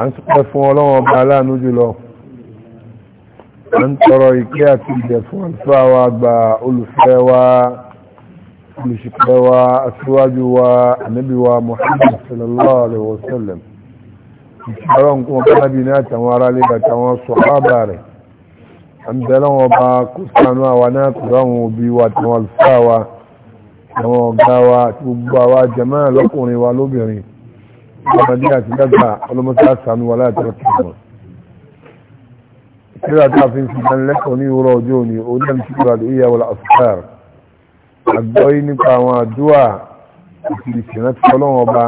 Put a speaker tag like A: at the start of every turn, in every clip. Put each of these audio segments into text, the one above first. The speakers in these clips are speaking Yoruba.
A: a ń sọpẹ́ fún ọlọ́wọ́n ọba aláàánú jùlọ a ń tọrọ ìkẹ́ àti ìjẹ fún àlùfáà wa gba olùfẹ́ wa olùṣìpẹ̀ wa aṣíwájú wa ànábì wa Muhammad sallallahu alaihi wa sallam ìṣàrọ̀ nǹkan ọba nábì ní àtàwọn ará lè àtàwọn sọ̀rọ̀ rẹ̀ a ń bẹ̀rẹ̀ wọn bá kó sànú àwa ọmọdé àti dàgbà ọlọ́mọdé àsànú wà láti ọ̀tún ọmọ ìṣẹ́lẹ̀ àti àfihàn ìṣẹ́lẹ̀ lẹ́kọ̀ọ́ ní ìwúrọ̀ ọjọ́ òní onílẹ̀ ìṣẹ́lẹ̀ àti ìyàwó àfihàn àgbọ́yé nípa àwọn àdúrà àti ìṣẹ̀rántí ọlọ́wọ́n ọba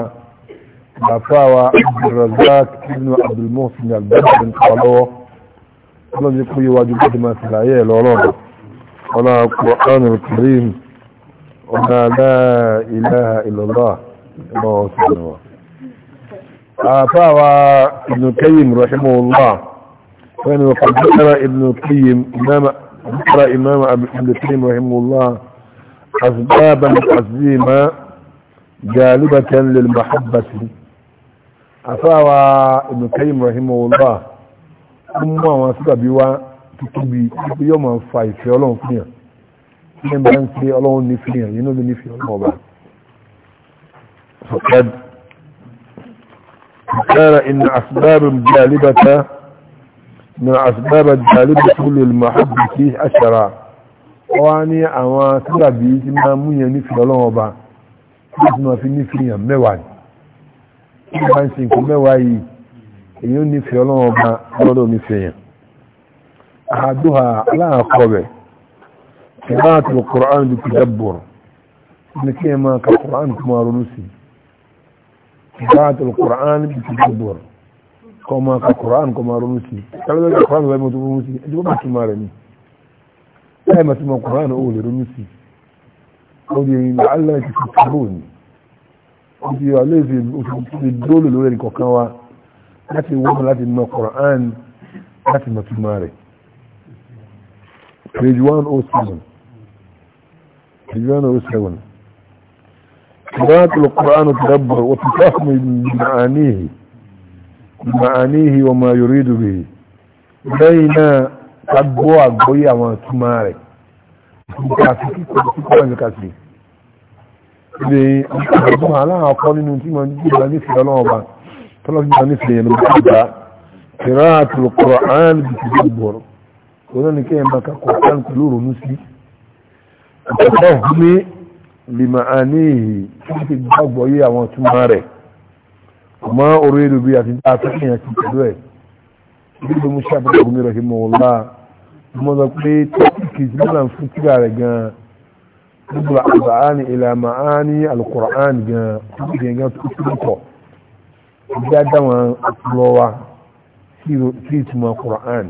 A: bàfáwa abdulrazak ibnu abdulmohsen albadan ń kọ́ lọ́wọ́ ọlọ́dún kó yẹ wájú gbọ́dọ̀ máa ṣàlàyé ẹ̀ lọ́rọ̀ ọlá Qur'an al-Karim ọ̀nà la ilaha illallah ẹ̀rọ ọ̀sán wa. عفاوى ابن القيم رحمه الله كان وقد ذكر ابن القيم امام ذكر امام ابن القيم رحمه الله اسبابا عظيمه جالبة للمحبة عفاوى ابن القيم رحمه الله ثم وسبب بوا تكبي يوم فاي في الله فيها من بان في الله نفيا ينو نفيا الله فقد قال إن أسباب جالبة من أسباب جالبة للمحبة أشرا واني أما تلبي ما من ينفي لهم nígbà fi nífìyàn mẹ́wàá ní bá ń ṣe nǹkan mẹ́wàá yìí èyí ó nífẹ̀ẹ́ ọlọ́run ọba lọ́dọ̀ nífẹ̀ẹ́yàn àádọ́ha aláàkọ́ rẹ̀ kìláàtì Kùránì ti dẹ́bùrù ní kí ẹ máa ka Kùránì tó máa ronú sí i قراءة القرآن بالتدبر كما القرآن كما رمسي قالوا لك القرآن زي ما تقول رمسي أجيب ما تمارني زي ما تسمى القرآن أول رمسي قولي لعلك تذكرون قولي عليه في الدول الأولى كوكاوا láti wọ́n láti mọ Qur'an láti mọ̀ túnmọ̀ rẹ̀ page 107 page 107 قراءة القرآن تدبر وتفهم معانيه معانيه وما يريد به بين تبوع قوية وتماري كاسكي كاسكي كاسكي كاسكي ibi ọdún aláhàn kọ́ nínú tí ma ń jí ìgbà nífẹ̀ẹ́ ọlọ́wọ́ bá tọ́lọ́ ìgbà nífẹ̀ẹ́ yẹn ló bá gbà kìrá àti lùkọ̀rọ̀ àárín ti gbà gbọ̀rọ̀ òun náà ní kéèyàn bá kakọ̀ ọ̀kan pẹ̀lú òrònú sí ọ̀pọ̀ ọ̀hún ní lima anihi tí ti gbàgbọ́ yí àwọn túnmọ́ rẹ̀ ọmọ orí ìlú bí àti dáa fẹ́kẹ̀yàn ti pẹ̀lú ẹ̀ bí ló mú sábà gbogbo mi rẹ̀ kí mo lá mo sọ pé tọ́pìkì tí wọ́n fún tíra rẹ̀ gan-an gbogbo àbáàní ìlàmà áání alukur'an gan-an tọ́pìkì gan tó tó tọ̀ ìdí àdáwọn ọpọlọ wa sí ìtumọ̀ kur'an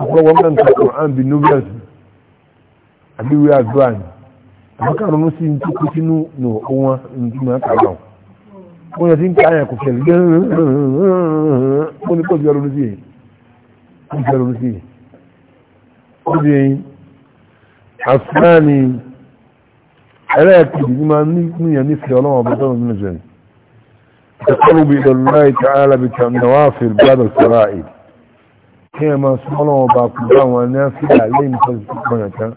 A: ọpọlọ wọn mẹ́ta kur'an bí nubẹ́sì àbí wíwá gbáàni àwọn kan ronú sí tó kú sínú nù wọn nígbà kàlà wọn wọn yẹ ti ń káyà kò fẹlẹ wọn ni kò fi ronú sí yìí kò fi ronú asúnáàni ẹlẹ́ẹ̀kejì ní máa níyàn nífẹ̀ẹ́ ọlọ́wọ́n ọba sọ́run nínú ìjọyìn تقرب إلى الله تعالى بالنوافل بعد الفرائض كما سبحانه وتعالى ونافل عليه مثل سبحانه وتعالى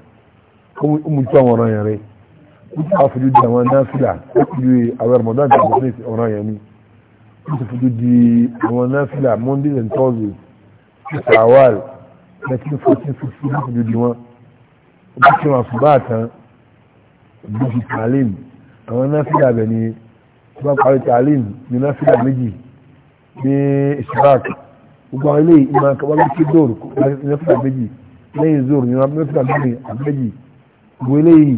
A: أمي تعالى nípa fojú di àwọn náfìlà lórí àwọn ramadan tí a bọ̀ fún ọ̀ràn yẹn ni wọ́n ti fojú di àwọn náfìlà monday and thursday sawal nineteen fourteen fifteen wọ́n fojú di wọn wọ́n ti wọn fún báà tán bíi talim àwọn náfìlà bẹ̀ ni wọ́n bá parí talim ní náfìlà méjì ní ishrak gbogbo àwọn ilé ìmọ̀ akábá bí kí dóòrù náfìlà méjì lẹ́yìn zoro ní náfìlà méjì àbẹ́jì gbogbo eléyìí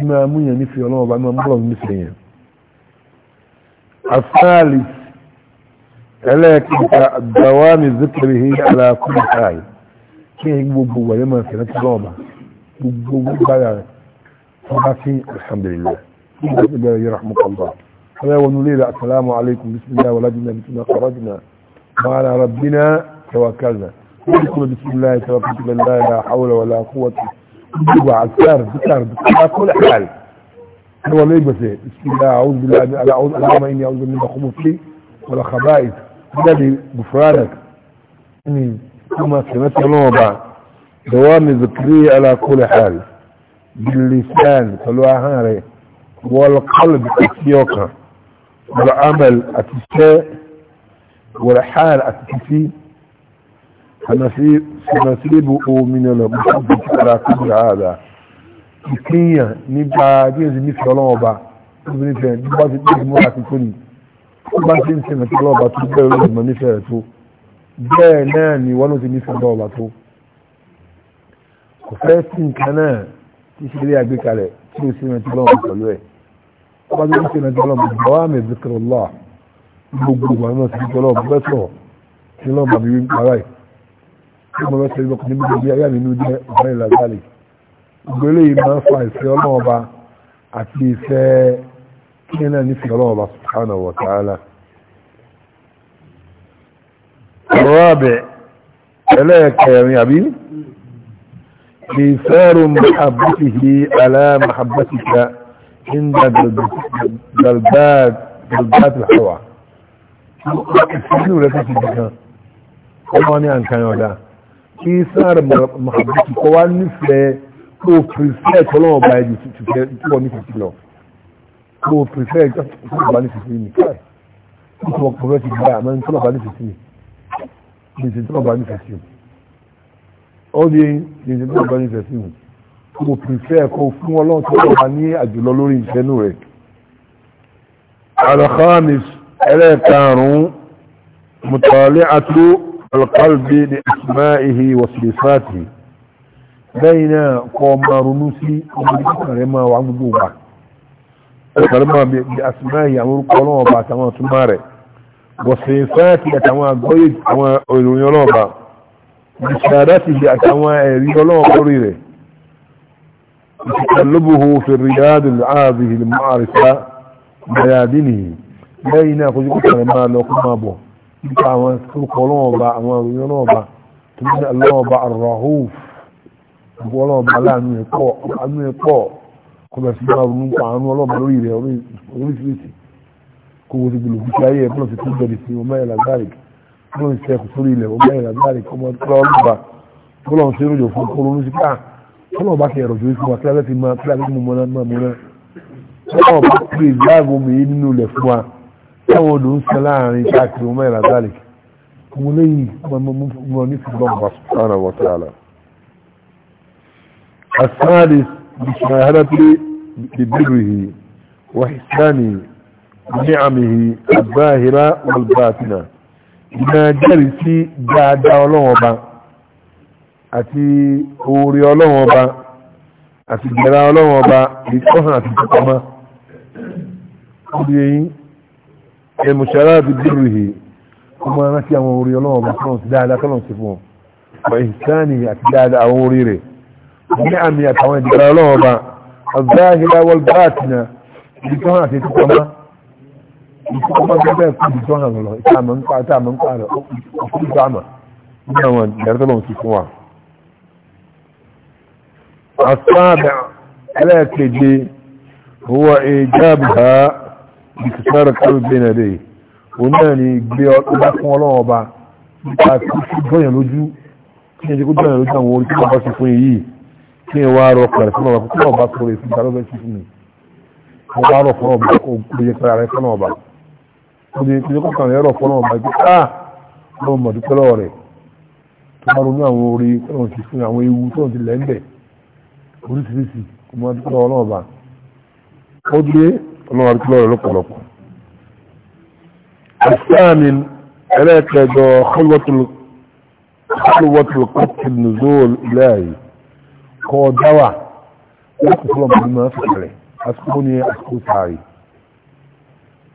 A: ima munya nifi ọlọ́wọ́ bá ima mbọ́lọ̀ nifi yẹn asaali ẹlẹ́ẹ̀kẹta dawami zikiri hi alakuli kai kí ẹ gbogbo wà yẹn máa fẹ́rẹ́ tọ́lọ́ ọba gbogbo bára fọ́nà sí alhamdulilayi nígbà tí bẹ́ẹ̀ yẹra mú kọ́ńtà ọlọ́wọ́ wọn lè ra asalaamu alaykum bisimilayi wàlá jìnnà bisimilayi kọ́rọ́ jìnnà maana rabbina tawakkalna kúrò bisimilayi tawakkalna la hawla wàlá kúwàtí. وعلى الكارب بكارب بالسعر كل حال هو ليه بس بسم الله اعوذ بالله انا اعوذ اللهم اني اعوذ من خبثي ولا خبائث الذي غفرانك اني كما سمعت نوبا دوام ذكري على كل حال باللسان طلوع هاري والقلب اتيوكا والعمل اتساء والحال اتسي sanasilibu min al-muhabbi ala kubra hada ìpínyà nípa bí èsì ní fi ọlọ́wọ́ bá obìnrin fẹ́ bí bá ti dé ìmú àti tó ní tó bá ti ń sin àti ọlọ́wọ́ bá tó bẹ́ẹ̀ ló mọ̀ nífẹ̀ẹ́ rẹ̀ tó bẹ́ẹ̀ náà ni wọ́n ló ti nífẹ̀ẹ́ ọlọ́wọ́ bá tó kò fẹ́ sí nǹkan náà tí ṣe lé àgbékalẹ̀ tí ó sin àti ọlọ́wọ́ pẹ̀lú ẹ̀ tó bá ti ń sin àti ọlọ́wọ́ bá ọmọ bá sẹ́yìn bọ́kùn níbi gbogbo ayé àmínú jẹ́ ọ̀gá ìlà gálì ìgbélé yìí máa ń fa ìfẹ́ ọlọ́ọba àti ìfẹ́ kíni náà nífẹ̀ẹ́ ọlọ́ọba subhanahu wa ta'ala ọ̀rọ̀ àbẹ̀ ẹlẹ́ẹ̀kẹrin àbí ìfẹ́rù mahabbatihi ala mahabbatika inda dalbat alhawa ìfẹ́rù rẹ̀ tó ti dìkan ọmọ kí sáré mahabutu kọ́ wá nífẹ̀ẹ́ kó o prefer tọ́lọ́wọ́ bá ẹni tìfẹ́ tí wọ́n ní fìfì lọ kó o prefer tọ́lọ́wọ́ bá ní fìfì ní káì kí wọ́n kọ́ fẹ́ ti gbá àmọ́ tọ́lọ́wọ́ bá ní fìfì ní ìṣe tọ́lọ́wọ́ bá ní fìfì ó di ìṣe tọ́lọ́wọ́ bá ní fìfì ní kó o prefer kó o fún ọlọ́run tọ́lọ́wọ́ bá ní àjùlọ lórí ìfẹ́nu القلب لأسمائه وصفاته بين قوما رنوسي ومجرما وعمدوبا وكرما بأسمائه عمر قلوبا تما تماري وصفاته تما قيد تما أولونيولوبا بشارته تما أولونيولوبا قريره تقلبه في الرياض هذه المعرفة بيادنه بين قوما رنوسي nípa àwọn ìsìnkú ọlọ́ọ̀bá àwọn ìròyìn ọlọ́ọ̀bá tó ní ọlọ́ọ̀bá arahuf gbogbo ọlọ́ọ̀bá láàánú ẹ̀pọ̀ àánú ẹ̀pọ̀ kò bẹ̀ sí máa ronú pa àánú ọlọ́ọ̀bá lórí rẹ̀ oríṣiríṣi kò wọ́n ti gbèlò fífi ayé ẹ̀pọ̀ ti tún bẹ̀rẹ̀ sí ọmọ ẹ̀là gáàrìk ọmọ ìṣẹ́ kò sórí ilẹ̀ ọmọ ẹ̀là gáàrìk ọmọ ọlọ́ọ̀bá ọlọ́ọ̀bá ṣe rọ̀jò fún kóró ní síkà ọlọ́ọ̀bá kẹ̀ rọ̀jò fún wa kíláàbẹ̀ ti máa kíláàbẹ̀ ti mú mọ́ná mọ́ná ọlọ́ọ̀bá kúrè ìgbà táwọn olùsẹ láàrin káàkiri ọmọ ìlà dalek mo léyìí mo ní fìdíbọn bá sùpárà wọ́tàlá asáàdì bìṣàhádàtì bìbìrìhì wàhìsánì ni'amihi àbáhìrá wàlbàtìnà ìgbà jẹ́rìí sí dáadáa ọlọ́wọ́n ba àti oore ọlọ́wọ́n ba àti ìgbẹ̀rá ọlọ́wọ́n ba ìtọ́sán àti ìtọ́pamọ́ المشارات ببره وما نسي أموري الله بحرم سدالة كلهم سفوه وإحسانه أتدالة أموري ري نعم يا كوان جرى الله با الظاهرة والباطنة بكما تتكما بكما تتكما بكما الله إتاما نقع إتاما نقع أقول إتاما نعم جرى الله سفوه السابع على كدي هو إيجابها ìtìsára kárò bẹ́ẹ̀nà rẹ̀ òun náà ni gbé ọba fún ọlọ́wọ́ ọba nípa kí dọ́yàn lójú kí ẹjẹ́ kó dọ́yàn lójú àwọn orí tí wọ́n bá ṣe fún yìí kí ẹ wá rọ pẹ̀lú fún ọba kó kọ́ ọba sọ̀rọ̀ èsì ìdáró bẹ́ẹ̀ sí fún mi wọ́n bá rọ fún ọba kó yẹ pẹ̀lú ara fún ọba ó di ìpínlẹ̀ kọ̀ọ̀kan rẹ̀ rọ fún ọba pé á lọ́wọ́ mọ̀ dúpẹ́ lọ́wọ́ rẹ̀ tó bá ronú àwọn orí tó ti fún àwọn ewu tó ti lẹ́ńbẹ̀ oríṣiríṣi kò mọ́ dúpẹ́ lọ́wọ́ ba ó dé ọmọ wa kílọ̀ lọ́pọ̀lọpọ̀ asáàmin ẹlẹ́ẹ̀kẹjọ kọlwọ́tul kọtìl nùzọ́l iláyé kọ dáwà láti fún ọmọ ìgbìmọ̀ sọ̀rẹ̀ àsìkò ní àsìkò sàárì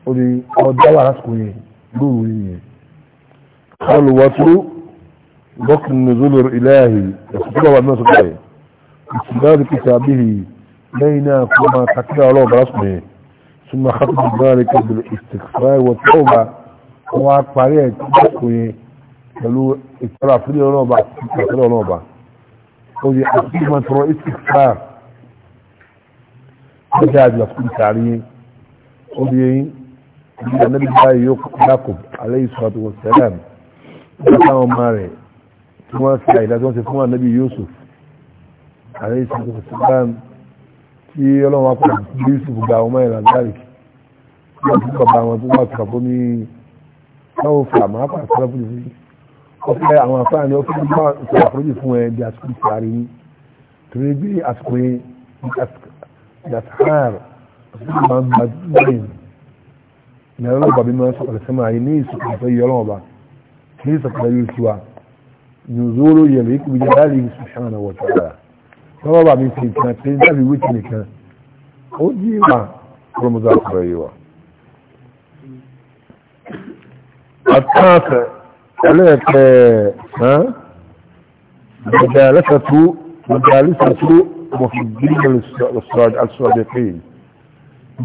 A: ó ní kọ dáwà lásìkò yẹn lóru yẹn kọlwọ́tul kọtìl nùzọ́l iláyé àsìkò ọmọ ثم ختم ذلك بالاستغفار والتوبة وقارئ تذكري قالوا اعتراف لي ونوبة اعتراف لي ونوبة قولي أسيما ترى استغفار فجاد لفكم تعليم قولي النبي باي يعقوب عليه الصلاة والسلام كانوا ماري ثم سعيد ثم النبي يوسف عليه الصلاة والسلام tí ọlọ́run apọ̀ bí yusuf gba àwọn ọmọ ìlànà láríkì wọ́n ti bàbá wọn tó wà tó kàfó ní náwó fà máa fà sọ́rọ́ fún ìfúnjì ọ̀fẹ́ àwọn afẹ́ àni ọ̀fẹ́ bá sọ̀rọ̀ àforíjì fún ẹ di àsìkò ìfàrí yín torí bí àsìkò yín yàtàr àsìkò máa gba lẹ́yìn ìyá ọlọ́run bàbí máa sọ̀rọ̀ sẹ́mà yìí ní ìsìnkú ìfẹ́ yìí ọlọ́run ọba kì lọ́wọ́ bá mi fi nǹkan ṣe dábì wíkì nìkan ó yí wà kúròmọ́sá sọ̀rọ̀ yìí wà. àtàkẹ́ ẹlẹ́ẹ̀kẹ́ hàn mọ̀jàlẹ́sàtú mọ̀jàlẹ́sàtú mọ̀fìdínlẹ̀ sọ̀rọ̀dẹ̀kẹ́yìn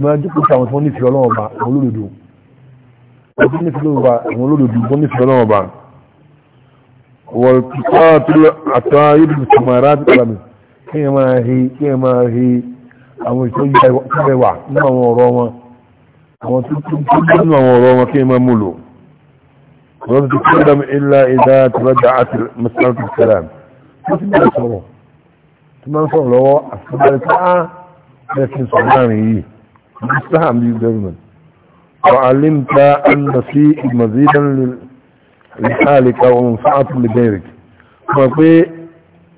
A: máa jókòó sáwọn tí wọ́n nífẹ̀ẹ́ ọlọ́wọ́ bá àwọn olódodo wọ́n nífẹ̀ẹ́ ọlọ́wọ́ bá àwọn olódodo wọ́n nífẹ̀ẹ́ ọlọ́wọ́ bá wọ́n ti kọ́ àtúntò àtàwọn ayélujára kí ẹ máa he kí ẹ máa he àwọn ìtọ́ ìgbẹ̀wà nínú àwọn ọ̀rọ̀ wọn àwọn tó tó nínú àwọn ọ̀rọ̀ wọn kí ẹ máa mú lò lọ́dún tó kí ẹ̀dàm ilá ìdá tọ́lọ́dà àti mẹ́sàn-án sẹ́lám tó ti bẹ̀rẹ̀ sọ̀rọ̀ tó máa ń sọ̀rọ̀ lọ́wọ́ àfihàn tá a bẹ̀rẹ̀ kí n sọ̀rọ̀ láàrin yìí mustaham bí government وعلمت أن في مزيدا لحالك ومنفعة لغيرك فقي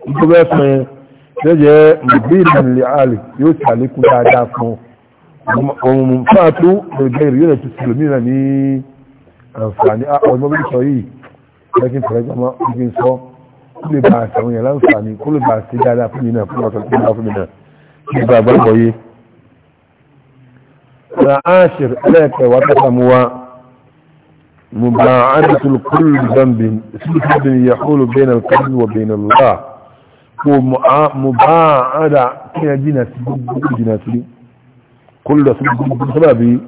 A: انتبه jẹ́jẹ́ mùbílì lè àlè yóò ti àlékún dáadáa fún ọmọ fàtó ẹgbẹ́ ìrìn yóò ti sùlùmíràn ní àǹfààní ah, ọmọbìnrin sọ yìí lẹ́kìn pẹ̀lẹ́gbọ́mọ́ ìgbín sọ kó lè bá àtàwọn yẹn láǹfààní kó lè bá àti dáadáa fún mi náà fún ọ̀tọ̀ tó bá fún mi náà kí lè bá àgbàgbọ́ yé. na مباعدة كنا جينا جينا سلي كل سبب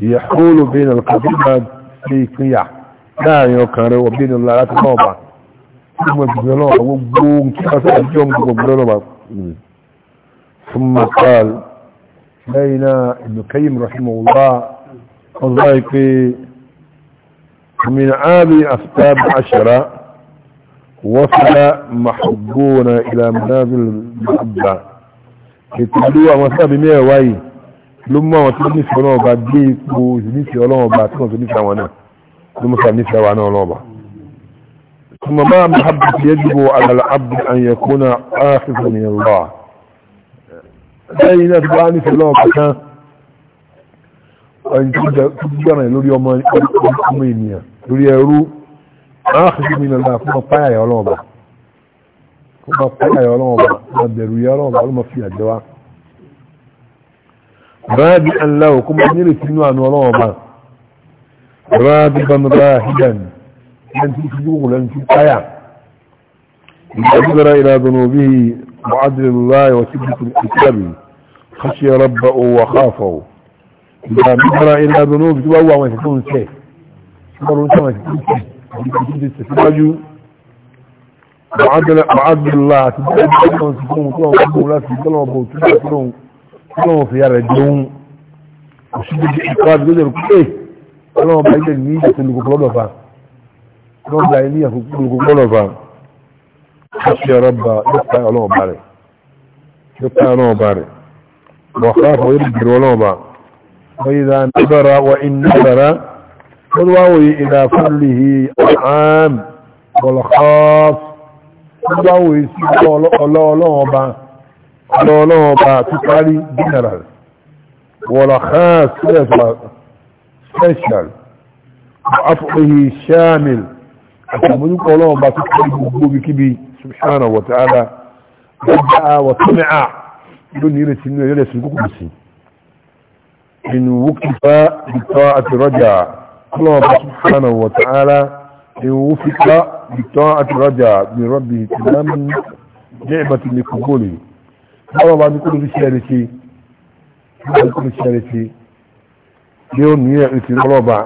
A: يحول بين القضيبة في كيا لا يكره وبين الله لا تنوبة ثم جزلوها وقوم كيف اليوم قبلوها ثم قال لينا ابن كيم رحمه الله والله في من عابي أسباب عشرة وصل محبون إلى منازل المحبة ìtìlú àwọn sábì mẹ́rẹ̀ wáyé ló mú àwọn tó nífẹ̀ẹ́ ọlọ́run ọba dé ipò ìnífẹ̀ẹ́ ọlọ́run ọba tí wọ́n tó nífẹ̀ẹ́ àwọn náà ló mú sábì nífẹ̀ẹ́ àwọn náà ọlọ́run ọba. ثم ما محبة يجب على العبد أن يكون آخذا من الله lẹ́yìn náà tó bá nífẹ̀ẹ́ ọlọ́run ọba kan ọ̀yìn tó jẹ́ lórí ọmọ ènìyàn lórí ẹrú آخر من الله ما طاي يا لوبا ما طاي يا لوبا ما دروا يا لوبا ما فيها دواء رادي أن له كم نيلي تنو أن لوبا رادي بن راهدا أن في جوع أن في طاي يقدر إلى ذنوبه معدل الله وسبة الكتاب خشي ربه وخافه إذا نظر إلى ذنوبه هو ما يكون سيه ìtẹ̀síwájú àádọ́lá àti bọ́ọ̀lù tí wọ́n ti fún òun tí wọ́n láti gbọ́lọ̀ ọ̀bọ̀ tí wọ́n ti fún òun fi yára jẹun òṣìṣẹ́ ìpàdé lójẹ̀ pé ọlọ́wọ́ bá ilẹ̀ ní ìjẹsẹ̀ olùkọ́lọ́dọ̀fà ọlọ́wọ́ bá ilé olùkọ́lọ́dọ̀fà ṣe rọ́bà yọpa ọlọ́wọ́ bá rẹ̀ yọpa ọlọ́wọ́ bá rẹ̀ wọ́n kọ́ àfọwọ́ ìrìnbìrì ọlọ́wọ́ bá wọ́n yìí والواوي إلى فضله العام والخاص والواوي لولوبا لولوبا تقالي جنرال والخاص سبيشال وعطله شامل أتمنى لولوبا تقالي بكبي سبحانه وتعالى بدأ وسمع دون يرسل يرسل كبسي إن وقف بطاعة رجع الله سبحانه وتعالى يوفق بطاعة رجع بربه تمام جعبة لقبوله قال الله بكل رسالتي بكل رسالتي ليون يعطي الربع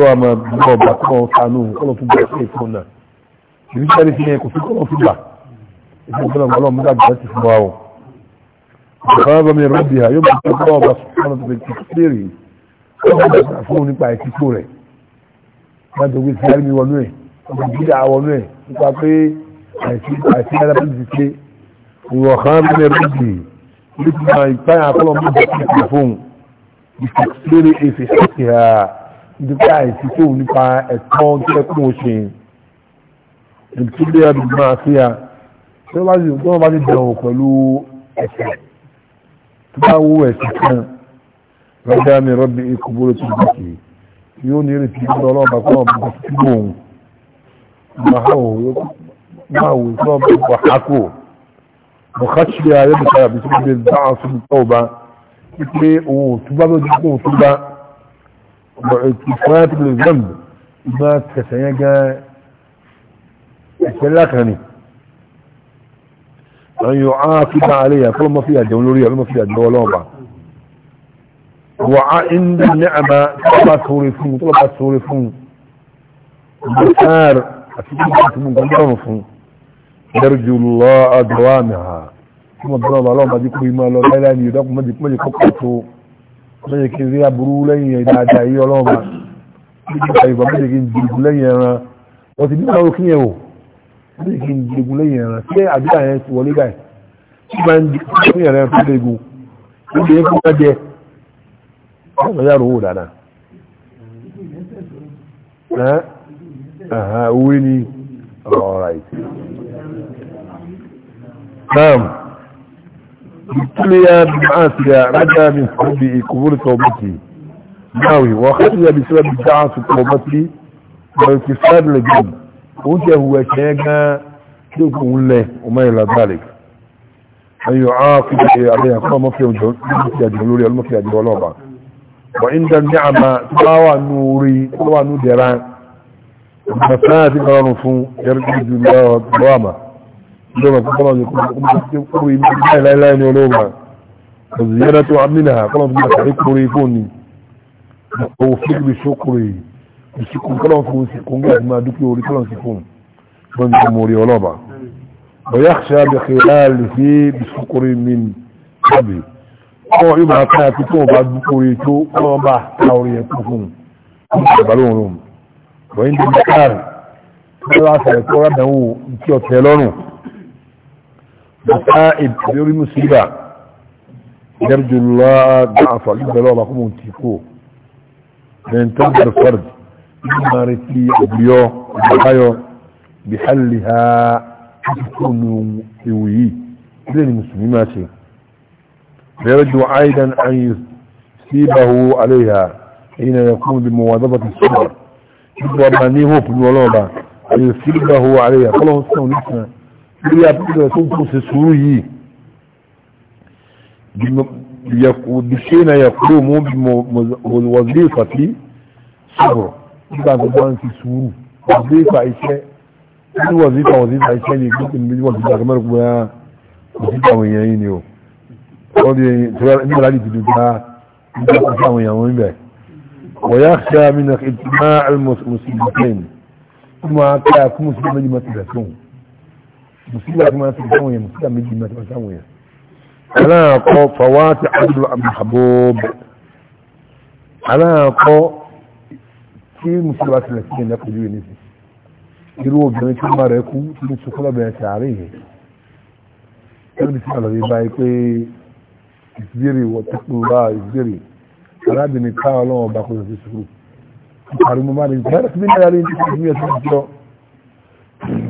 A: ما بربع كما سعنوه كما تبع سيفونا رسالتي يكون في كما تبع إذن كنا الله مدعب ذاتي سبعه وخاب من ربها يوم تبع الله سبحانه وتعالى بالتكسير فهو يعفون بقى يكسوره wọ́n tó gbé sí àrùn ìwọ̀nú ẹ̀ wọ́n ti dà wọ́nú ẹ̀ nípa pé àìsí ara bí ti ṣe ìwọ̀ kan bí ẹ bí ti ní ti máa ìpáyà akọ́lọ́ mú bọ́ sí ìpè fóun ìfẹ́sẹ́rẹ́ èfè ṣáàtì ha nípa àìsí fóun nípa ẹ̀tọ́ tó ẹ kún òṣè ìtúlẹ̀ àbí máa fi ha tí wọ́n bá ti dẹ̀wọ̀ pẹ̀lú ẹ̀sẹ̀ tó bá wó ẹ̀sẹ̀ kan rọ́dá mi rọ́bì ìkúbúrò tó dùn kìí yóò ní ìrètí lọ́dọ̀ ọlọ́ọ̀bà kọ́ ọ̀bà kò sí gbòòhùn máa wò tó ọ̀bà kò hákò bọ̀kátì ayébùkà àbí tó gbé dáhà sí ìtọ́ ọba pípé òun òtúbá ló di kó òtúbá ọ̀bọ̀ ètò fúnáyà tó lè zẹ́m ìgbà tẹ̀sẹ̀ yẹn gan ẹ̀sẹ̀ lákàn ni á fi bá àlẹ́ yà kọ́ ló fi àjẹun lórí ẹ̀ ló fi àjẹun ọlọ́ọ̀bà وعند النعمة طلبة تورفون طلبة تورفون بسار أتكلمت من قدرفون يرجو الله دوامها ثم ضرب الله ما ديكو بما لو لا إله إلا ما ديكو ما ديكو قطو ما ديكو زي أبرو لن يدعي الله ما ديكو ما ديكو جيب لن يرى وتبين له كنيه ما ديكو جيب لن يرى سي أبدا يسولي باي ما ديكو يرى فلقو ما ديكو ما ديكو ọmọ yàrá owó dáadáa ẹ̀hán owó ní alright naam ìtúlẹ̀yà bí máa ti rẹ̀ rájá mi fún bí ìkòwòrò tọ́mọ́tì náà wọ́n kẹ́tù yà bí sílẹ̀ bí dáa tó tọ́mọ́tì wọ́n ti sáàdì lẹ́gbẹ̀ẹ́ òun ti ẹ̀hùwẹ̀ kẹ́ gan tí ó kún lẹ̀ ọmọ ìlà bàlẹ̀ ayọ̀ á kí ẹ̀ àlẹ́ àkọ́ ọmọ fi àjọ lórí ọlọ́mọ fi àjọ ọlọ́ọ̀bà وعند النعمة تباوى نوري تباوى نودران المساعد قرار فون يرجع الله وقواما لما تقرأ يقول لا لا لا يولوما الزيارة عملها قرأت ما تحكر يكوني وفق بشكري بشكر قرأت فون سيكون ما دكي ولي قرأت سيكون من جمهوري ولوما ويخشى بخلال فيه بشكر من أبي kọ́ yóò máa káyà tí kò bá orí tó kọ́ bá ká orí ẹ̀kú fún un ìbálòun rùn wọ́n ń di káàrì tí wọ́n sẹ̀rẹ̀ kọ́ rábẹ̀wò tí ọ̀tẹ̀ lọ́rùn bàtà ìbí orí mùsùlùmá dẹ́rùjù lọ́gbà àfàlú bẹ̀rẹ̀ ọba kúmù tí kò bẹ̀ntọ́ يرجو عيدا أن يصيبه عليها حين يقوم بمواظبة الصبر يبقى نيه في الولوبة أن يصيبه عليها قاله السلام نسمع يبقى تنقص سروه بشين يقوم بوظيفة صبر يبقى تنقص سروه وظيفة إشاء وظيفة وظيفة إشاء يقوم بوظيفة كمان وظيفة ويعيني ó di nígbà láti dìdú gba nígbà kó fáwọn èèyàn wọn bẹ̀ wọ́n yá ṣe àmì náà ìtumá mùsùlùmí kẹ́yìn kí wọ́n ká kú mùsùlùmí méjì máa ti bẹ̀ fún mùsùlùmí àti máa ti bẹ̀ fáwọn èèyàn mùsùlùmí méjì máa ti bẹ̀ fáwọn èèyàn. aláàkọ́ fàwátì àdúrà àmàbọ̀ aláàkọ́ kí mùsùlùmí àti lẹ̀ sí ẹ̀dá kojú ìníṣẹ́ irú obìnrin tó máa rẹ̀ kú ìsírí wọ̀tíkùnlá ìsírí arábìnrin ká ọlọ́wọ́ bá kọjọ sí sùúrù ìparí mo máa ní ìpínlẹ̀ tí nílẹ̀ rí ní ìpínlẹ̀ sí ìjọ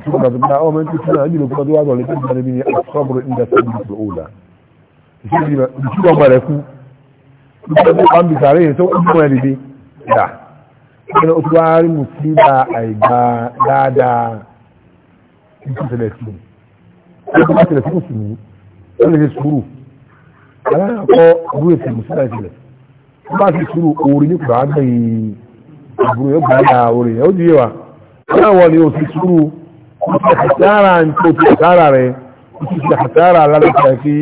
A: tí wọ́n bàtà bá ọmọ tí sílẹ̀ nílò kọjọ wà lọ́lẹ́ tí ìjọba ní asọ́bùrù ìjà sẹ́yìn ìjọ òòlà ìṣúgbọ́n ọmọ rẹ̀ kú ìjọba ní pàmì sàárẹ̀ yẹn tó ń mú ẹ̀ dìde dà ẹni ó ti wá rí mu sí ìgbà àìgbà dáadáa ìtúsẹ̀lẹ̀ sí i ó ti wá tẹ̀lẹ̀ sí aláàkọ́ àbúrò ẹ̀sìn mùsùlùmí ìsìlẹ̀ ó bá ti sùúrù orí ní kùrọ̀ àgbẹ̀ yìí àbúrò yóò gbà dá orí rẹ̀ ó di yẹwà aláwọ̀ ni o ti sùúrù o ti àtàrà o ti àtàrà rẹ̀ o ti ti àtàrà alábẹ́ta kí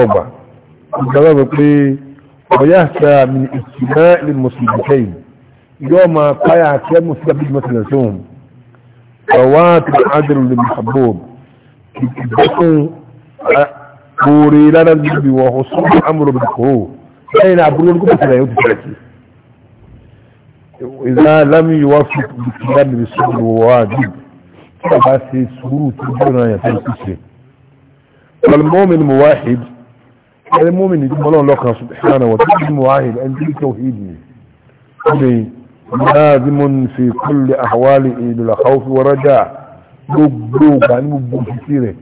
A: ọgbà ìjọba bẹ pé ọ̀yá àṣà mi ìtìmọ́ ní mùsùlùmí kẹ́yìn yóò máa káyà kẹ́ mùsùlùmí mùsùlùmí sóhun ọ̀wá àti àdìrò lè mùsùlùmí oore lára níbi wọn ọ̀sán àmúrò bí kò lẹ́yìn àbúrò ní kòkòrò ẹ̀yọ́ ti tẹ̀lẹ̀ sí ìzá lámì yíwá fi bìkì láti lè sọ́dọ̀ wọ́n wá dì tí a bá ṣe sùúrù tó jọ́nà yàtọ̀ sí ṣe almomin muwahid almomin ni jùmọ́lọ́ lọ́kàn subhanahu wa ta'ala muwahid ẹni tí tawhid ni ọdẹ lazimun fi kulli ahwali idul khawfi wa raja gbogbo gbà ní gbogbo ìfisí rẹ̀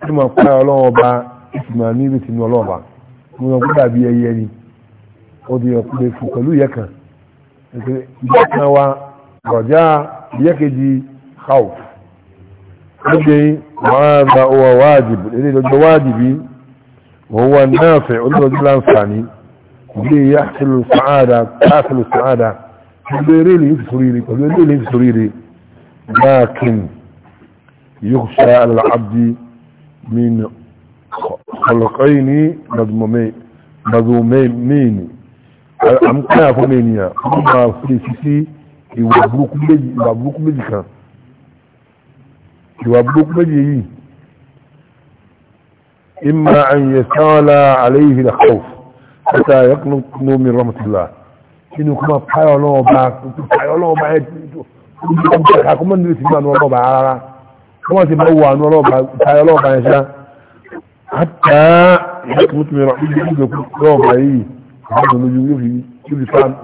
A: tí mo pa ọlọ́wọ́ bá ìtumọ̀ ní ibi tìǹbù ọlọ́ọ̀bà mo yàn kó dàbí ẹyẹ ni ó di ọkùnrin fún pẹ̀lú ìyẹ́ kan ìyẹ́ kan wa rọ̀já ìyẹ́ kejì khawf lóde wàhálà owó wájib èdè ìdọ́jọ́ wájibi wọ́n wà náà fẹ́ olóòjì láǹfààní ilé yàtìlù sàádà káàtìlù sàádà pẹ̀lú eré lè fi soríire pẹ̀lú eré lè fi soríire láàkín yóò ṣe alàbdí min halkaini mazumaini am kaya fún ènìyàn fún ma fi sisi ìwà burúkú méjì kan ìwà burúkú méjì yìí imma an yasala alayhi al-khawf hatta yaqnu min rahmatillah kinu kuma payo lo ba payo lo ba e to ko ko ma ni ti ma no ba ara ko ti ba wa no lo ba payo lo ba en sha حتى يثبت من ربي يجب يقوم عليه هذا النجوم يفي يفي فان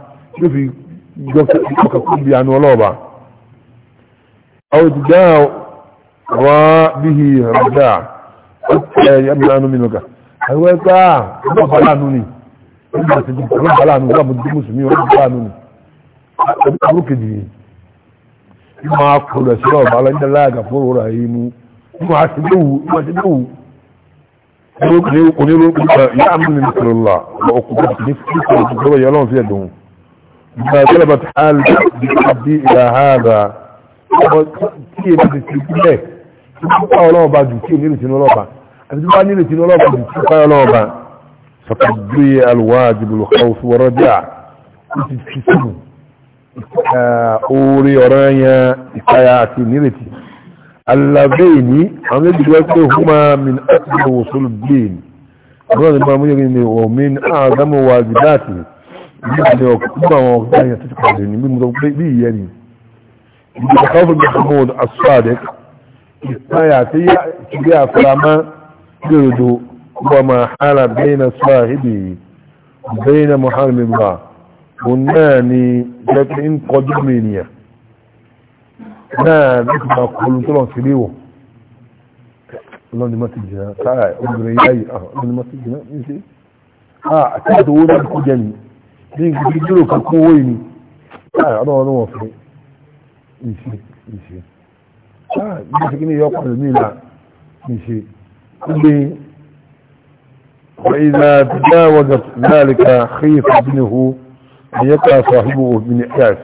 A: يفي جوك يكون بيان ولوبا أو تداو به رجاع حتى يمنع منك حيواتا رب العنوني رب العنوني رب المسلمين رب العنوني أبروك دي ما أقول أسراب على إن الله غفور رحيم ما أسدوه ما أسدوه onírúurú yá àmì ní ìsìnlá ọkùnkùn ní fífò ìjọba yọ lọ́wọ́ sí ẹ̀dùn nígbà tẹ́lẹ̀ bá tààlì bí ìlà ààrà ọmọ tí èdè ti ti sílẹ̀ tí ó pa ọlọ́wọ́ bá jù tí ò nílùú sínú ọlọ́ba àti tí ó bá nílùú sínú ọlọ́ba اللذين عم يجب هما من أكبر وصول الدين أقول ما مجرد ومن أعظم واجباته يعني وكما وقتها يتتكلم من مدوبي يعني بخوف المحمود الصادق يتاياتي كبيع فلاما يردو وما حال بين صاحبه بين محارم الله وناني لكن قدمينيه náà bí kò máa kọlu tó máa fìlé wọ̀ ọlọ́run ni mọ́tì jìnnà káà obìnrin yá yìí ọlọ́run ni mọ́tì jìnnà ní ṣe àti àti owó náà kó jẹ ní bí n kìí dúró kan kó owó yìí ni káà ọlọ́run ni wọ́n fẹ́ ní ṣe ní ṣe káà bí wọ́n ti kí ni yọ ọkọ̀ lómi ìlà ní ṣe gbé وإذا تجاوزت ذلك خيف ابنه أن يقع صاحبه من إحساس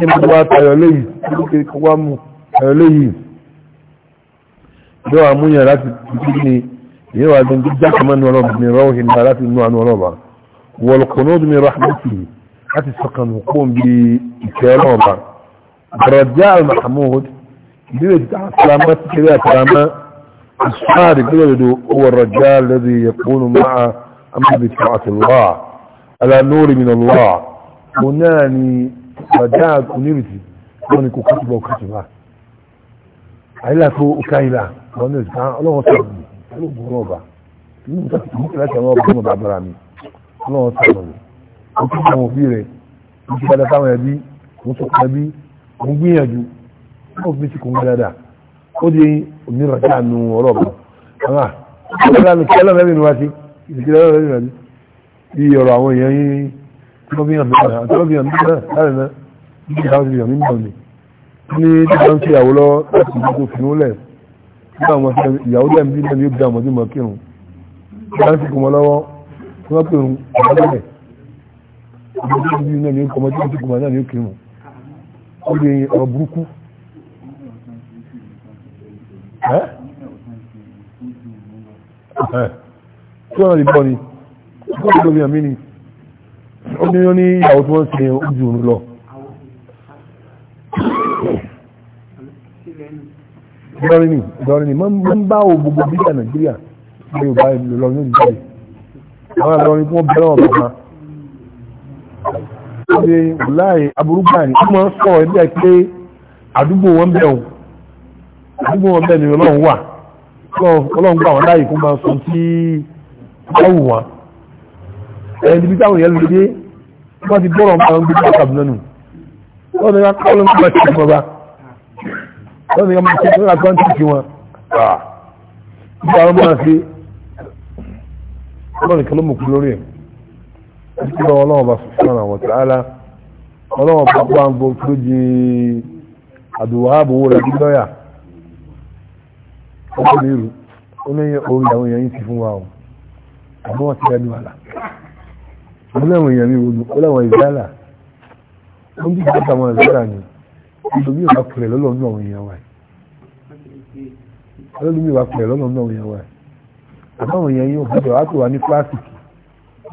A: ní mo wá tayọ léyìí lókè wá mú tayọ léyìí yóò àmúyàn láti tìtì ní ìyẹn wà ní jákàmá ní ọlọ́ba ní rọ́ọ̀ hìnnà láti inú àánú ọlọ́ba wọ̀lùkùnú mi rahmatu láti sọkàn hukun bí ìfẹ́ ọlọ́ba dọ̀rọ̀dá al-mahmud ìdílé ti àfàlámà ti kéré àfàlámà الصادق يجد هو الرجال الذي يكون مع أمر بطاعة الله على نور من الله هناني ọ̀dá community wọ́n ni kò kásùbọ̀ kásùbà àìlàfo òkàìlà wọ́n ní ìsìnká ọlọ́wọ́n sọ̀rọ̀ mi olóògùn ọba inú mi tàbí mú láti àwọn ọba ọmọ bàbá mi ọlọ́wọ́n sọ̀rọ̀ mi ó tún àwọn òbí rẹ̀ ó ti padà sáwọn ẹbí ó tún kan bí ó gbìyànjú ó fi ti kún gbádàdà ó di òmìnira tí a nu ọ̀rọ̀ ọba àwọn kí ọlọ́wọ́n mi tọ́bíyàn náà tọ́bíyàn náà láàrin náà ní ìdáwọ́sílẹ̀ nínú ọ̀nà ní dídán sí ìyàwó lọ láti gbogbo fìmúlẹ̀ nígbà wọn sọ ìyàwó dẹ̀ ń bí náà ní ó bí àwọn ọdún mọ́kírun dídán sí kùmọ́ lọ́wọ́ tí wọ́n pè ń ọ̀dọ́lẹ̀ ọdún bí náà ní ó kọmọ́ tí wọ́n sì náà ní ó kírun ó lè ọ̀rọ̀ burúkú tí wọ́n lè bọ́ ni tí wọ́n lè bọ́ ni ó ní ó ní ìyàwó tí wọ́n ṣe ojú òun lọ. ìdọ́rin ni ìdọ́rin ni máa ń bá wo gbogbo bíjà nàìjíríà ní yorùbá lọ ní ìdílé àwọn àlọrin tí wọ́n bẹ̀rẹ̀ wọn bàbá. ó ṣe wùláì aburúgbà ni ó máa ń sọ ẹgbẹ́ pé àdúgbò wọn bẹ̀ wọn àdúgbò wọn bẹ̀ ni ọlọ́run wà ọlọ́run gbà wọn láàyè kó máa sọ sí ọ̀wù wọn ẹ̀yìn níbi táwọn èèyàn lè dé wọ́n ti bọ́rọ̀ máa ń gbé ní ọkà bùnánù wọ́n ni wọ́n kọ́ ló ń gbà sí ìjọba wọ́n ni wọ́n máa ṣe ní ọkà tó ń tìkì wọn nígbà wọn máa ṣe wọ́n ni kẹlọ́mù kú lórí ẹ̀ títí lọ ọlọ́wọ́ bá sùn àwọn tààlà ọlọ́wọ́ bá bá ń bọ́ tó di àdùwà àbòwò rẹ̀ bí lọ́yà ọkọ̀ lérò ó ní orí àwọn èèyàn yìí ti fún wa o àbúrò ti rẹ̀ ní wàhálà ọlọ́wọ̀n èèyàn mi wòlù ọlọ́wọ̀n ìzálà ó ń dìbò àtàwọn ìzálà ni ìdòmí ìwà pẹ̀lẹ̀ lọ́lọ́run náà wọ̀nyẹn wà ọlọ́run ìwà pẹ̀lẹ̀ lọ́lọ́run náà wọ̀nyẹn wà àbáwọn èèyàn yóò bẹ̀rẹ̀ wá pè wá ní kíláàsìkì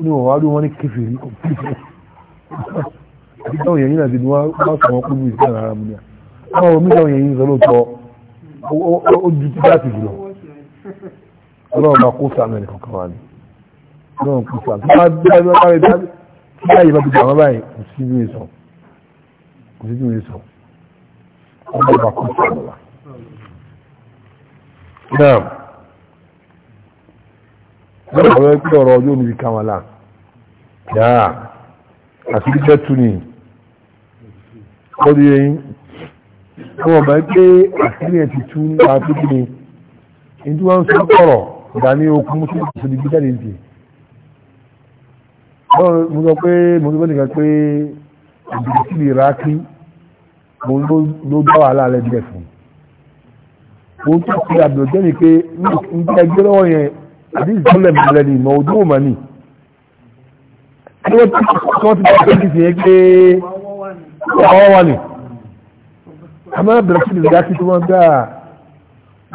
A: ní wọ́n wá rí wọn ní kẹfìrí kò kí ìfẹ́ àti táwọn èèyàn yìí náà ti ní wọ́n bá sọ wọn kúrú ìsìlẹ̀ rárá mu ni àwọn omi táwọn èèyàn yìí sọ lóòótọ́ ó ju náà kò sà tó bá bí ẹgbẹ́ bá rí dájú tí báyìí bá gbogbo àwọn báyìí kò sí bí sọ kò sí bí sọ ọmọ ìgbà kò sọ ọ̀la. náà lọ́dọ̀ àwọn ẹgbẹ́ ọ̀rọ̀ ọjọ́ níbi kàwálà yáà àti bí tẹ́tù ni kọ́dí yẹn wọ́n mọ̀ báyìí pé àṣírí ẹ̀ ti tú nípa pínpín ní tí wọ́n ń sọ kọ̀rọ̀ ìdání okun mú sí ìṣòdì gbígbẹ́ nìyí mo sọ pé mo sọ pé nìkan pé ìdìbò sí ìrákí òun ló dá wàhálà rẹ̀ díẹ̀ fún òun tó fi àbẹ̀wò jẹ́ ni pé ń jẹ́ ẹgbẹ́ lọ́wọ́ yẹn àti ìsọ́lẹ̀ mọ̀lẹ́ ni ìmọ̀ ojú òmà ni kí wọ́n ti kọ́ ti bá pẹ́ẹ́kì sí yẹn pé ọwọ́ wà ní àmọ́ àbẹ̀wò sí ìrákí tó wọ́n dáa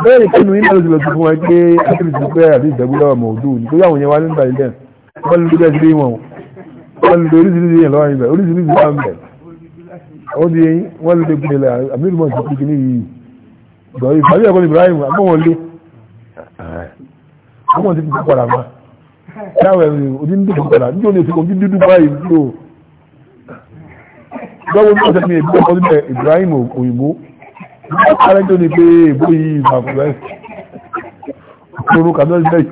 A: bẹ́ẹ̀ ni kí ni ìmọ̀ lọ́sọ̀lọ́sọ̀ fún wọn pé àti ìsọ́lẹ̀ àti ìjẹ́gbẹ́ lọ́wọ́ mọ̀ ojú òní tó yàwọn yẹn wá nígbà ilẹ̀ wọ́n lè lójú ẹ̀sìn wọn wọ́n lè oríṣiríṣi yẹn lọ́wọ́ ibẹ̀ oríṣiríṣi wà ń bẹ̀ ó di eyín wọ́n lè gbé lẹ̀ àmìlú mọ̀ sí kìíní yìí ìgbọ̀nyí ìgbàlẹ́ ẹ̀kọ́ Ibrahim agbọ́wọ́n lé
B: àwọn ti fi padà ma dáwọ̀
A: ẹ̀rọ ojú ní dùn padà níjọ́ ní oṣù ojú dúdú báyìí tó gbọ́wọ́ ní ọ̀sẹ̀ ní ìbílẹ̀ ọdún bẹ̀ Ibrahim òyìnbó ara jọ ni pé èbó yìí ìbàfẹ́ òru kàdọ́ ìbẹ̀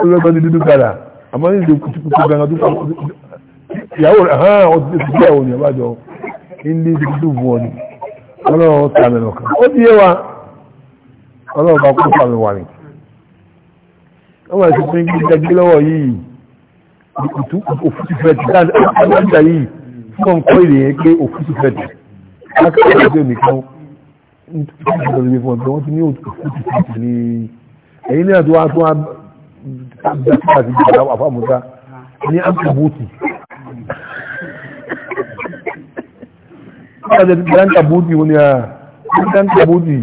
A: olóògbé ní dúdú padà àmọ́ nílùú kùtùkùtù gan-an dúpọ̀ ìyàwó rẹ̀ hàn ó ti fi ẹ̀wọ̀n ní ọbàjọ́ ilé ìdíkùtù bù ọdún ọlọ́run ta mẹ́lọ kan ó ti yé wa ọlọ́run bá kó fàmì wà ní wọ́n wà sí pé kí jẹgbé lọ́wọ́ yìí ìkùtù òfútù fẹ́tì dáadáa yìí fún ọ̀nkọ́ ìrìyẹn pé òfútù fẹ́tì lákàtà ìjọ da suka fi da a famu ta ni an kabuti ba da dan kabuti wani ya dan kabuti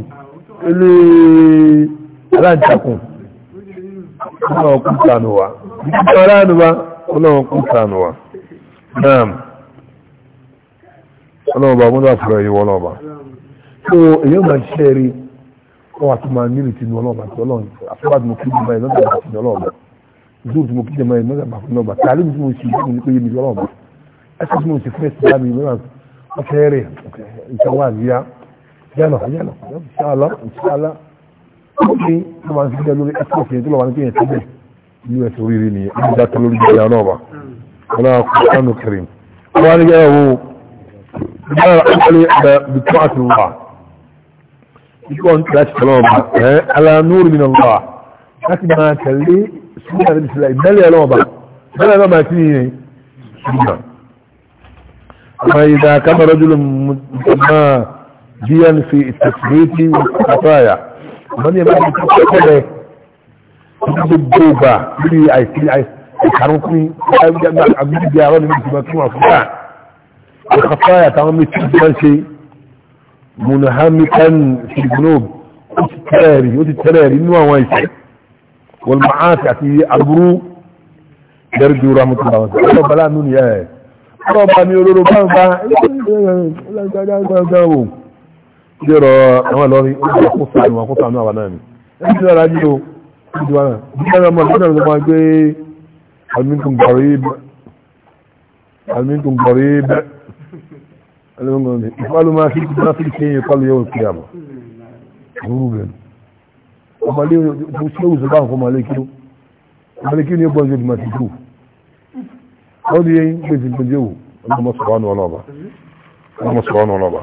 A: ilé aláǹtakùn ọlọ́wọ́ kún sànù wa ìjọba aláàánú wa ọlọ́wọ́ kún sànù wa náà ọlọ́wọ́ bá múlá fúra yíwọ́ ọlọ́wọ́ so èyí máa ṣẹ́ rí ọwọ́ àti máa nílì tinú ọlọ́wọ́ àti ọlọ́wọ́ àfẹ́bàdùn kí ní báyìí lọ́dọ̀ àti ọlọ́wọ́ zoro tí mo kíjẹ mọ́ ẹ̀ mọ́gà bàkú náà bà tààlí mi tí mo sì mú ní pé yémi lọ́wọ́ bà ẹsẹ̀ tí mo sì fẹ́ sílá mi mọ́gà ọ̀kẹ́ rẹ̀ nǹkan wà níyà yálà yálà ṣáàlá ṣáàlá ó ní tó máa ń fi lórí ẹsẹ̀ òfin tó lọ́wọ́ ní kéèyàn síbẹ̀ ní ẹsẹ̀ oríire nìyẹn ní ìjà tó lórí ìjà náà bà láti máa tẹ̀lé súnmọ́ àti ìṣẹ̀lẹ̀ ìbẹ́lẹ̀ ọlọ́ọ̀bà ìbẹ́lẹ̀ ọlọ́ọ̀bà tí ní ṣùgbọ́n àwọn ìdá kábàrọ̀ jùlọ mọ̀ díẹ̀ fi ìtàkìrìtì àtọ́yà wọ́n ní ẹ̀bá ti kọ́kọ́lẹ̀ gbogbo gbà lórí àìsí àìkàrúnkún agbègbè àwọn ní ìjọba tí wọ́n fúnra àkọ́kọ́yà táwọn méjì tí wọ́n ṣe munahamikan fìgbónó ó ti tẹ́rẹ̀ rí nínú àwọn ìṣẹ̀lẹ̀ والمعاصي àti aburú yarju rahmatullahi wa ta'ala bala nun ya ro ba mi oloro ba ba la ga ga ga ga wo jero àwọn lo ri o ko sa ni wa ko sa na wa na ni e ti ara ji o ti wa ni na mo ni na mo gbe alminkum qarib alminkum qarib alminkum qarib if'alu ma fi ma fi shay'in yuqalu yawm al-qiyamah Ruben ọmọlé fún ṣéwù sọ báwọn fún ọmọlé kí ọmọlé kí ni ó gbọ́n ju ìdìmọ̀ sí jù ó di yẹn pé ti gbọ́n jẹ́wò ọmọ sọ̀rọ̀ ọlọ́ba ọmọ sọ̀rọ̀ ọlọ́ba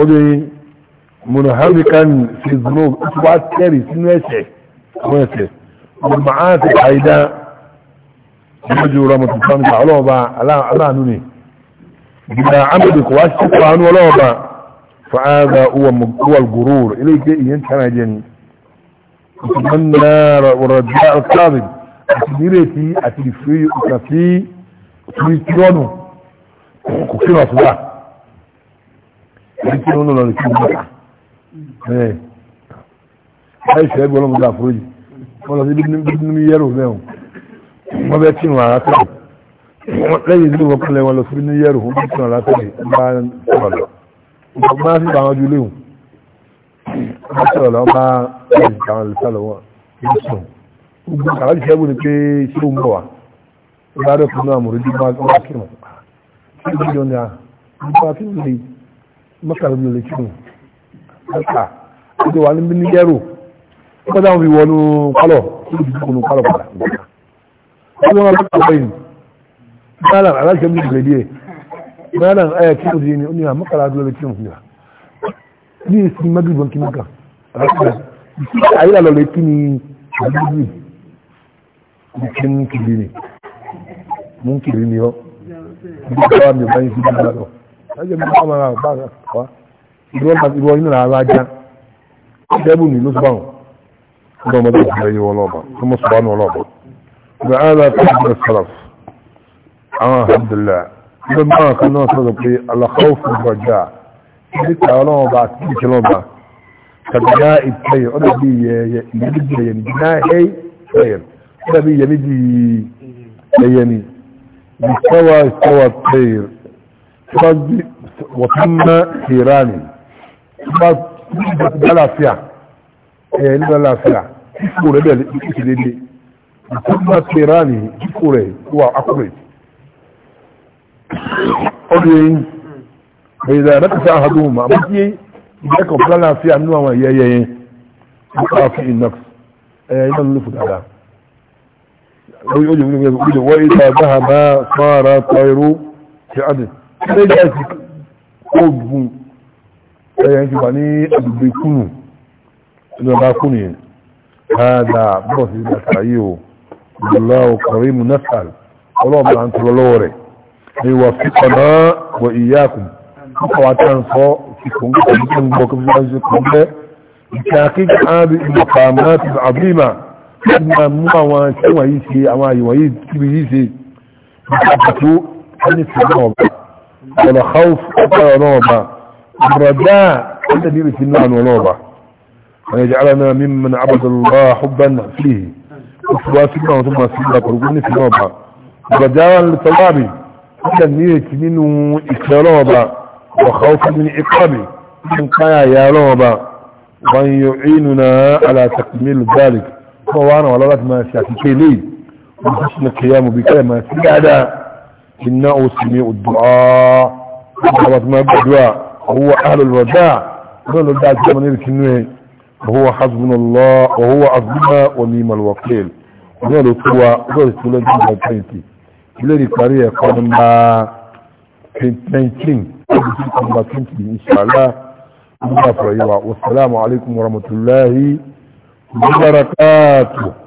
A: ó di yẹn munahabikan facebook ó ti wá tẹ́rì sínú ẹ̀sẹ̀ àwọn ẹ̀sẹ̀ ọmọ màá ti àìdá ìmọ̀jú ramọ̀tò sanka ọlọ́ba aláàánú ni ìgbà amẹ́bí kò wá sí ọlọ́ba fa'áza uwa gurur ilé ìgbé ìyẹn tánà jẹ́ ni ìtùmọ́nà rọ̀jà ọ̀tàbí àti nírètí àti ìfẹ́ ìkàfí kìrìtìrọ́nù kò kí wọ́n fúnra èyí tí wọ́n lọ rẹ̀ kí wọ́n bá ẹ̀ ẹ̀ ṣe ẹgbẹ́ ọlọ́mọdé àforíjì wọ́n lọ sí bíbí yẹ́rù mẹ́wọ̀n wọ́n bẹ́ẹ̀ tí wọ́n ara tẹ̀lé lẹ́yìn tí wọ́n kọ́lẹ̀ wọn lọ sí bíbí yẹ́rù wọ́n bẹ́ẹ̀ tí wọ́n ara tẹ̀lé ń bá ń sọ̀rọ̀ lọ sọ̀rọ̀ lọ bá ìjàwọn ìlúta lọ́wọ́ yóò sùn gbogbo aláàjì sẹ́gun ni pé ṣé ó ń bọ̀ wá ó bá rẹ̀ fún náà mọ̀rọ̀ ojú bá wá kí wọn ṣé ó jọ ní à ń bá kí wọn lè mọ́kàlá lè kí wọn mọ́kà ó ti wà ní nígẹ́rù ó bá dáhùn fi wọnú kálọ̀ ó ti dùkú kálọ̀ padà ó ti wọn bá kọ̀ bẹ́yìn báyà aláàjì sẹ́gun ni ìgbẹ̀lẹ́ báyà ẹ̀ kí wọn ti ní mọ́kàlá lè kí wọn bí èsì ní magrib wọn kí mọ́gà àbákùnrin ìsí àyílà lọ lè kí ni magrib ní kí mú kiri ni mú kiri ni ọ ní kí wọ́n mi ò bá yín sí bí wọ́n lọ lájẹ́ mú kọ́ máa bá wá ìwọ ìwọ inú ra ara já dẹ́bù ní ló sọ báwọn ọdọ ọmọdé ìgbà yìí wọ́n lọ́ọ̀bà tó mọ̀ sọ bá nù ọlọ́ọ̀bà ìgbà ara tó ń bẹ̀rẹ̀ sọ̀rọ̀ àwọn alhamdulillah ìgbà máa kan náà sọ̀rọ̀ nípa ọlọ́run bá àti ìṣẹ́ lọ́ba kàdúrà ìtẹ̀yẹ̀ ọ̀dọ̀ bí ẹyẹ ìyẹ́mí ẹyẹ ní ná ẹyẹ ẹyẹ ọ̀dọ̀ bí ẹyẹ méjì ẹyẹ ní ìṣẹ́wà ìṣẹ́wà tẹ̀yẹ̀ wọ̀tánná ìránì bá lálàáfíà ẹyẹ ní lálàáfíà kíkó rẹ̀ bẹ̀rẹ̀ ìṣẹ́lẹ̀ wọ̀tánná ìránì kíkó rẹ̀ wà ákùrẹ̀ ọdún فإذا نكس أحدهما أمتي يكون لنا في أنه ما يأيه يقع في النقص أيضا نفت على لو يقول وإذا ذهب صار طير في عدد ليس قلب يجب أن يكون يكون هذا بس نسعيه الله كريم نسأل ولو بلعن تلولوري يوفقنا وإياكم kọ́kọ́ wa tẹ́ ń sọ kíkún kíkún gbọ́kọ́ bí wọ́n ṣe kún bẹ́ ìkàkíkà ábí ìlúkà máa ti àbímà láti máa mú àwọn tí wọ́n yìí ṣe àwọn àyè wọ̀nyí kíbi yìí ṣe ìkàkàtú ẹni tí wọ́n ọba ọ̀nà haúf ọ̀pá ọ̀nà ọba ìrọ̀dá ẹni tí ìrètí náà ọ̀nà ọba wọ́n yẹ jẹ́ra náà mímu mẹ́ni abudulá ọba náà fi oṣù wa sí náà tó máa sí ìlà kọ̀ọ̀kọ́ ní ìfìlà ọba ìrọ̀dá wọn lè tọ́lá mi ó jẹ́ ní ètí nínú ìfẹ́ ọlọ́ọ̀ba وخوفا من عقابي من قايا يا رب من يعيننا على تكميل ذلك فوانا ولا ما شاكي لي وحسن القيام بكلمة سعادة إنه سميع الدعاء ولا ما بدعاء هو أهل الرجاء قالوا الدعاء كما نركنه وهو حسبنا الله وهو عظمنا ونيم الوكيل قالوا توا قالوا توا قالوا توا قالوا توا قالوا توا ما كنت ان شاء الله الله والسلام عليكم ورحمه الله وبركاته